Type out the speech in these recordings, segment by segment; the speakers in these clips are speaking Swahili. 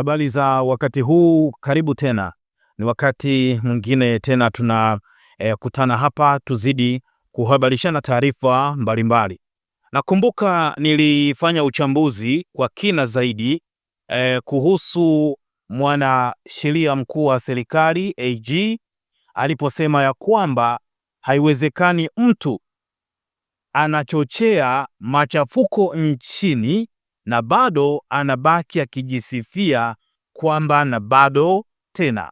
Habari za wakati huu, karibu tena. Ni wakati mwingine tena tuna e, hapa tuzidi kuhabarishana taarifa mbalimbali. Nakumbuka nilifanya uchambuzi kwa kina zaidi e, kuhusu mwanasheria mkuu wa serikali AG aliposema ya kwamba haiwezekani mtu anachochea machafuko nchini na bado anabaki akijisifia kwamba na bado tena.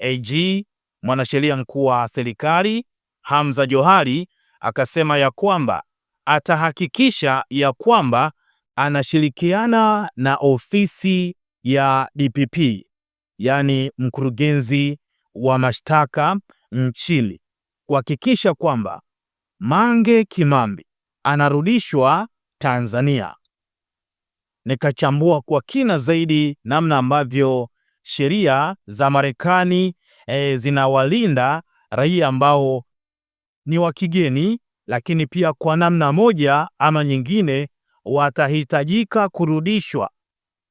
AG mwanasheria mkuu wa serikali Hamza Johari akasema ya kwamba atahakikisha ya kwamba anashirikiana na ofisi ya DPP yaani mkurugenzi wa mashtaka nchini kuhakikisha kwamba Mange Kimambi anarudishwa Tanzania nikachambua kwa kina zaidi namna ambavyo sheria za Marekani e, zinawalinda raia ambao ni wa kigeni, lakini pia kwa namna moja ama nyingine watahitajika kurudishwa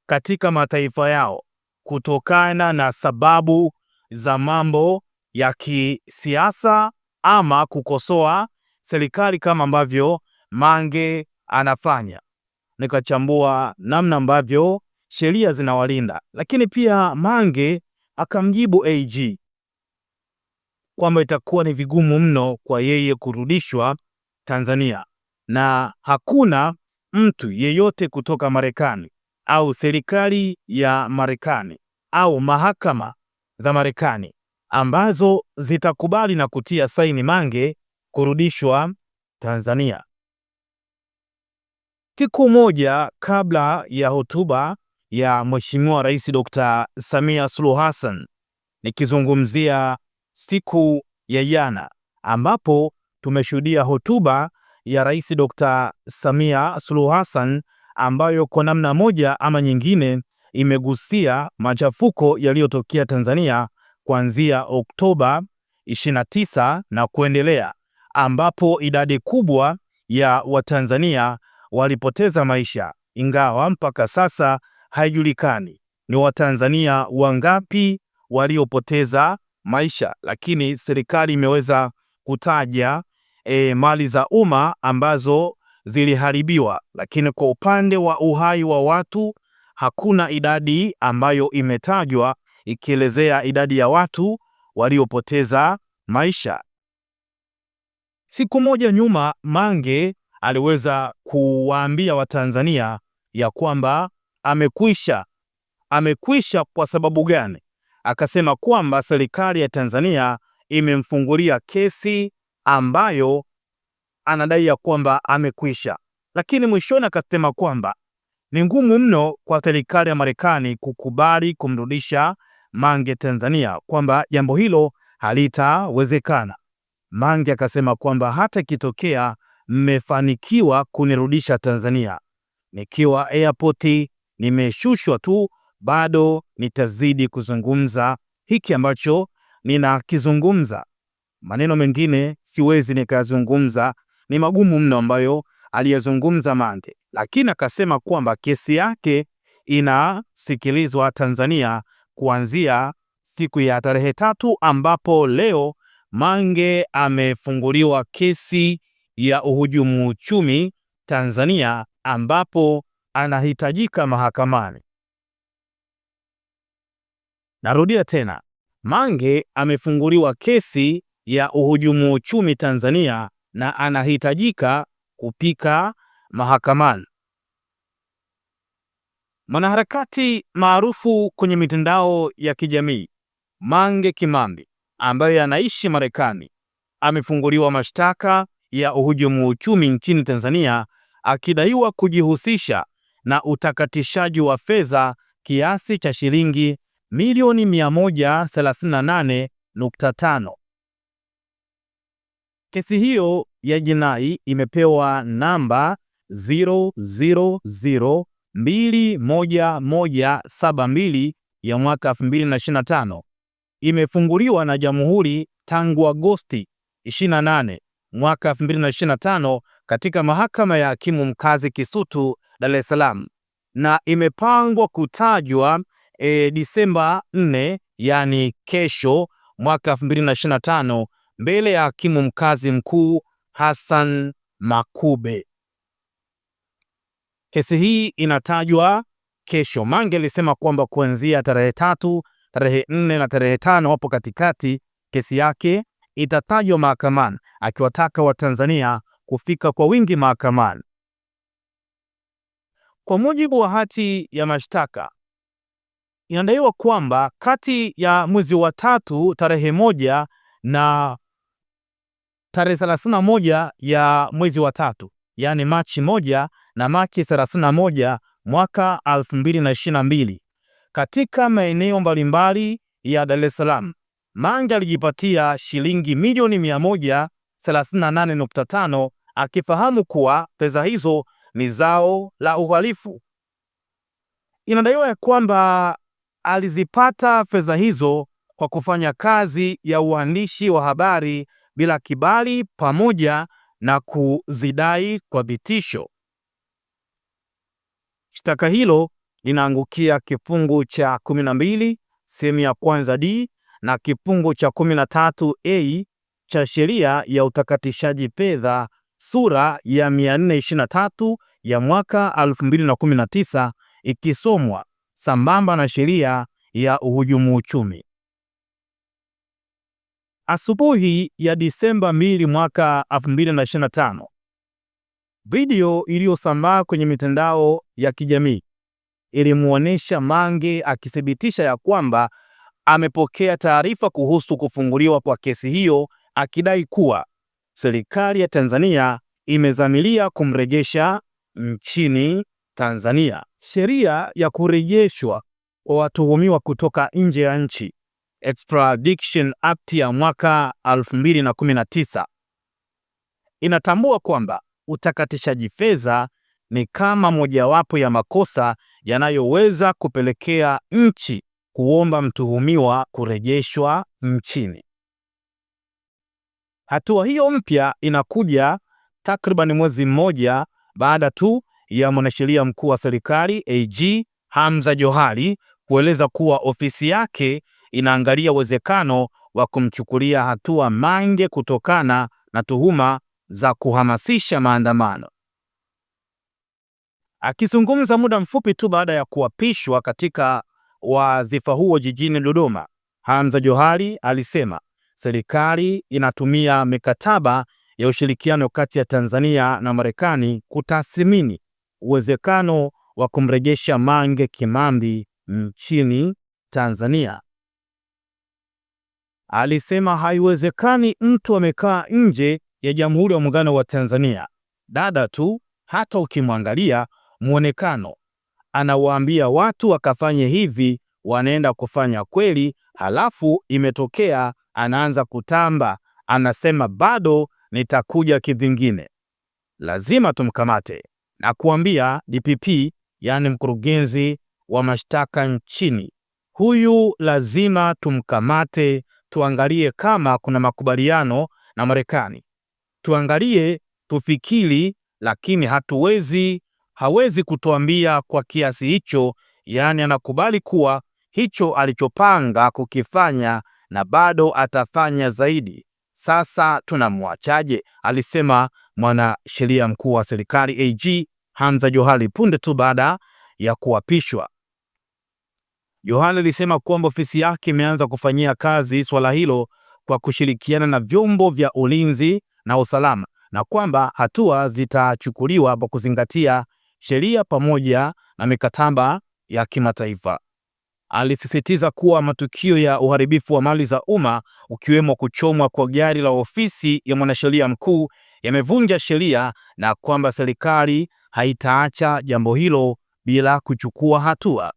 katika mataifa yao kutokana na sababu za mambo ya kisiasa ama kukosoa serikali kama ambavyo Mange anafanya nikachambua namna ambavyo sheria zinawalinda. Lakini pia Mange akamjibu AG kwamba itakuwa ni vigumu mno kwa yeye kurudishwa Tanzania na hakuna mtu yeyote kutoka Marekani au serikali ya Marekani au mahakama za Marekani ambazo zitakubali na kutia saini Mange kurudishwa Tanzania. Siku moja kabla ya hotuba ya Mheshimiwa Rais Dr. Samia Suluhu Hassan, nikizungumzia siku ya jana ambapo tumeshuhudia hotuba ya Rais Dr. Samia Suluhu Hassan ambayo kwa namna moja ama nyingine imegusia machafuko yaliyotokea Tanzania kuanzia Oktoba 29 na kuendelea ambapo idadi kubwa ya Watanzania walipoteza maisha, ingawa mpaka sasa haijulikani ni Watanzania wangapi waliopoteza maisha, lakini serikali imeweza kutaja e, mali za umma ambazo ziliharibiwa, lakini kwa upande wa uhai wa watu hakuna idadi ambayo imetajwa ikielezea idadi ya watu waliopoteza maisha. Siku moja nyuma, Mange aliweza kuwaambia Watanzania ya kwamba amekwisha. Amekwisha kwa sababu gani? Akasema kwamba serikali ya Tanzania imemfungulia kesi ambayo anadai ya kwamba amekwisha, lakini mwishoni akasema kwamba ni ngumu mno kwa serikali ya Marekani kukubali kumrudisha Mange Tanzania, kwamba jambo hilo halitawezekana. Mange akasema kwamba hata ikitokea mmefanikiwa kunirudisha Tanzania. Nikiwa airport nimeshushwa tu, bado nitazidi kuzungumza hiki ambacho ninakizungumza. Maneno mengine siwezi nikazungumza, ni magumu mno ambayo aliyezungumza Mande, lakini akasema kwamba kesi yake inasikilizwa Tanzania kuanzia siku ya tarehe tatu ambapo leo Mange amefunguliwa kesi ya uhujumu uchumi Tanzania ambapo anahitajika mahakamani. Narudia tena, Mange amefunguliwa kesi ya uhujumu uchumi Tanzania na anahitajika kupika mahakamani. Mwanaharakati maarufu kwenye mitandao ya kijamii Mange Kimambi ambaye anaishi Marekani amefunguliwa mashtaka ya uhujumu uchumi nchini Tanzania akidaiwa kujihusisha na utakatishaji wa fedha kiasi cha shilingi milioni 138.5. Kesi hiyo ya jinai imepewa namba 00021172 ya mwaka 2025. Imefunguliwa na Jamhuri tangu Agosti 28 mwaka 2025 katika mahakama ya hakimu mkazi Kisutu, Dar es Salaam na imepangwa kutajwa e, Disemba 4 yani kesho mwaka 2025 mbele ya hakimu mkazi mkuu Hassan Makube. Kesi hii inatajwa kesho. Mange alisema kwamba kuanzia tarehe tatu, tarehe nne na tarehe tano hapo katikati kesi yake itatajwa mahakamani, akiwataka Watanzania kufika kwa wingi mahakamani. Kwa mujibu wa hati ya mashtaka, inadaiwa kwamba kati ya mwezi wa tatu tarehe moja na tarehe 31 ya mwezi wa tatu, yaani Machi moja na Machi 31 mwaka 2022 katika maeneo mbalimbali ya Dar es Salaam Mange alijipatia shilingi milioni 138.5 akifahamu kuwa pesa hizo ni zao la uhalifu. Inadaiwa ya kwamba alizipata fedha hizo kwa kufanya kazi ya uandishi wa habari bila kibali pamoja na kuzidai kwa vitisho. Shtaka hilo linaangukia kifungu cha 12 sehemu ya kwanza D na kifungu cha 13a cha sheria ya utakatishaji fedha sura ya 423 ya mwaka 2019 ikisomwa sambamba na sheria ya uhujumu uchumi. Asubuhi ya Disemba 2 mwaka 2025, video iliyosambaa kwenye mitandao ya kijamii ilimuonesha Mange akithibitisha ya kwamba amepokea taarifa kuhusu kufunguliwa kwa kesi hiyo akidai kuwa serikali ya Tanzania imezamilia kumrejesha nchini Tanzania. Sheria ya kurejeshwa kwa watuhumiwa kutoka nje ya nchi Extradition Act ya mwaka 2019 inatambua kwamba utakatishaji fedha ni kama mojawapo ya makosa yanayoweza kupelekea nchi kuomba mtuhumiwa kurejeshwa nchini. Hatua hiyo mpya inakuja takriban mwezi mmoja baada tu ya mwanasheria mkuu wa serikali AG Hamza Johari kueleza kuwa ofisi yake inaangalia uwezekano wa kumchukulia hatua Mange kutokana na tuhuma za kuhamasisha maandamano. Akizungumza muda mfupi tu baada ya kuapishwa katika wa wadhifa huo jijini Dodoma, Hamza Johari alisema serikali inatumia mikataba ya ushirikiano kati ya Tanzania na Marekani kutathmini uwezekano wa kumrejesha Mange Kimambi nchini Tanzania. Alisema haiwezekani mtu amekaa nje ya Jamhuri ya Muungano wa Tanzania, dada tu, hata ukimwangalia muonekano anawaambia watu wakafanye hivi, wanaenda kufanya kweli, halafu imetokea anaanza kutamba, anasema bado nitakuja kidhingine, Lazima tumkamate na kuambia DPP, yaani mkurugenzi wa mashtaka nchini, huyu lazima tumkamate, tuangalie kama kuna makubaliano na Marekani, tuangalie tufikiri, lakini hatuwezi hawezi kutuambia kwa kiasi hicho, yaani anakubali kuwa hicho alichopanga kukifanya na bado atafanya zaidi. Sasa tunamwachaje? Alisema mwanasheria mkuu wa serikali AG Hamza Johari punde tu baada ya kuapishwa. Johari alisema kwamba ofisi yake imeanza kufanyia kazi swala hilo kwa kushirikiana na vyombo vya ulinzi na usalama na kwamba hatua zitachukuliwa kwa kuzingatia sheria pamoja na mikataba ya kimataifa. Alisisitiza kuwa matukio ya uharibifu wa mali za umma ukiwemo kuchomwa kwa gari la ofisi ya mwanasheria mkuu yamevunja sheria na kwamba serikali haitaacha jambo hilo bila kuchukua hatua.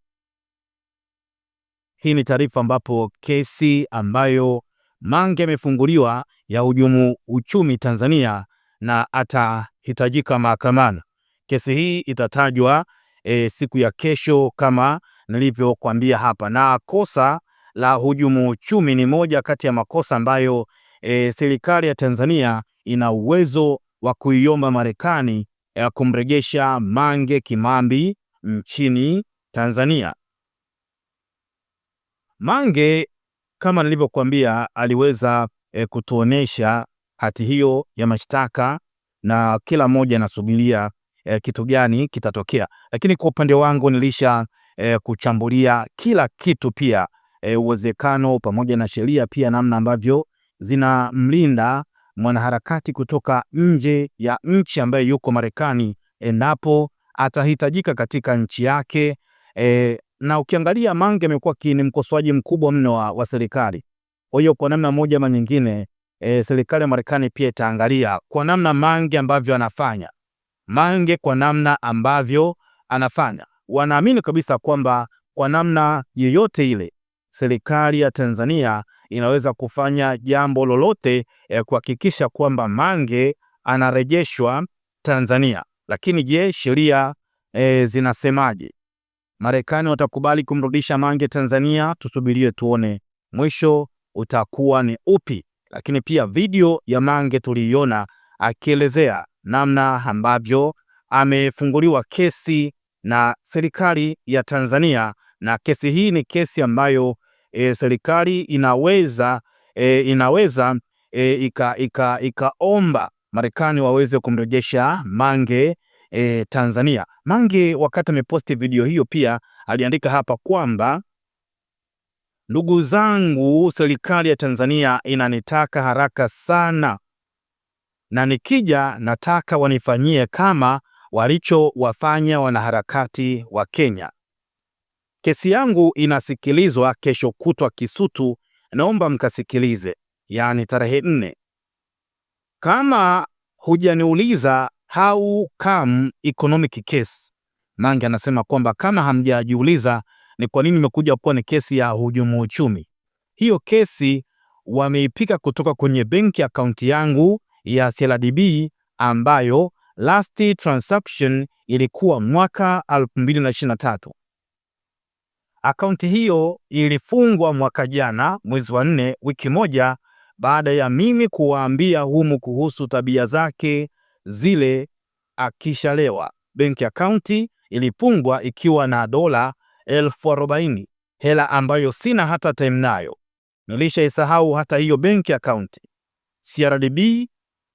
Hii ni taarifa ambapo kesi ambayo Mange amefunguliwa ya hujumu uchumi Tanzania na atahitajika mahakamani. Kesi hii itatajwa e, siku ya kesho kama nilivyokuambia hapa, na kosa la hujumu uchumi ni moja kati ya makosa ambayo e, serikali ya Tanzania ina uwezo wa kuiomba Marekani ya kumrejesha Mange Kimambi nchini Tanzania. Mange kama nilivyokuambia aliweza e, kutuonesha hati hiyo ya mashtaka na kila mmoja anasubiria eh, kitu gani kitatokea. Lakini kwa upande wangu nilisha eh, kuchambulia kila kitu pia eh, uwezekano pamoja na sheria pia namna ambavyo zinamlinda mwanaharakati kutoka nje ya nchi ambaye yuko Marekani endapo atahitajika katika nchi yake eh, na ukiangalia Mange amekuwa ni mkosoaji mkubwa mno wa, wa serikali. Kwa hiyo kwa namna moja ama nyingine e, serikali ya Marekani pia itaangalia kwa namna Mange ambavyo anafanya Mange kwa namna ambavyo anafanya, wanaamini kabisa kwamba kwa namna yoyote ile serikali ya Tanzania inaweza kufanya jambo lolote eh, kuhakikisha kwamba Mange anarejeshwa Tanzania. Lakini je, sheria eh, zinasemaje? Marekani watakubali kumrudisha Mange Tanzania? Tusubirie tuone mwisho utakuwa ni upi. Lakini pia video ya Mange tuliiona akielezea namna ambavyo amefunguliwa kesi na serikali ya Tanzania, na kesi hii ni kesi ambayo e, serikali inaweza e, inaweza e, ikaomba ika, ika Marekani waweze kumrejesha Mange e, Tanzania. Mange wakati ameposti video hiyo pia aliandika hapa kwamba ndugu zangu, serikali ya Tanzania inanitaka haraka sana na nikija nataka wanifanyie kama walichowafanya wanaharakati wa Kenya. Kesi yangu inasikilizwa kesho kutwa Kisutu, naomba mkasikilize, yaani tarehe nne. Kama hujaniuliza how come economic case, Mange anasema kwamba kama hamjajiuliza ni kwa nini imekuja kuwa ni kesi ya hujumu uchumi. Hiyo kesi wameipika kutoka kwenye benki akaunti yangu ya CRDB ambayo last transaction ilikuwa mwaka 2023. Akaunti hiyo ilifungwa mwaka jana mwezi wa nne, wiki moja baada ya mimi kuwaambia humu kuhusu tabia zake zile akishalewa. Benki akaunti ilifungwa ikiwa na dola elfu arobaini hela ambayo sina hata time nayo, nilishaisahau hata hiyo benki akaunti. CRDB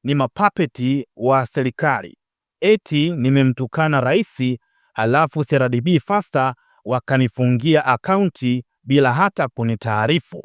ni mapapeti wa serikali, eti nimemtukana rais, halafu CRDB Fasta wakanifungia akaunti bila hata kunitaarifu.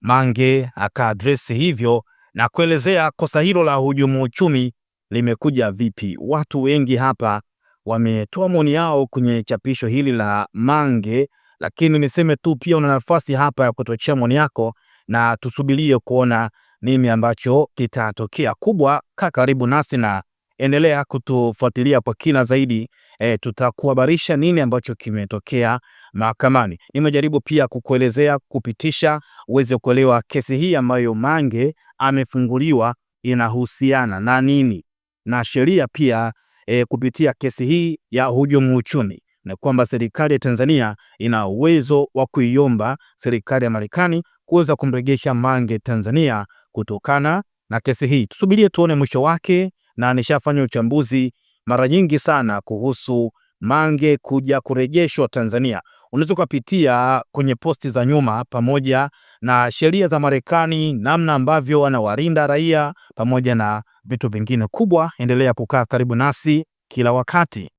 Mange akaadresi hivyo na kuelezea kosa hilo la hujumu uchumi limekuja vipi. Watu wengi hapa wametoa maoni yao kwenye chapisho hili la Mange, lakini niseme tu pia una nafasi hapa ya kutochea maoni yako na tusubirie kuona nini ambacho kitatokea kubwa. Kaa karibu nasi na endelea kutufuatilia kwa kina zaidi. E, tutakuhabarisha nini ambacho kimetokea mahakamani. Nimejaribu pia kukuelezea kupitisha uweze kuelewa kesi hii ambayo Mange amefunguliwa inahusiana na nini na sheria pia e, kupitia kesi hii ya hujumu uchumi na kwamba serikali ya Tanzania ina uwezo wa kuiomba serikali ya Marekani kuweza kumrejesha Mange Tanzania kutokana na kesi hii. Tusubirie tuone mwisho wake, na nishafanya uchambuzi mara nyingi sana kuhusu Mange kuja kurejeshwa Tanzania. Unaweza ukapitia kwenye posti za nyuma pamoja na sheria za Marekani, namna ambavyo wanawalinda raia pamoja na vitu vingine kubwa. Endelea kukaa karibu nasi kila wakati.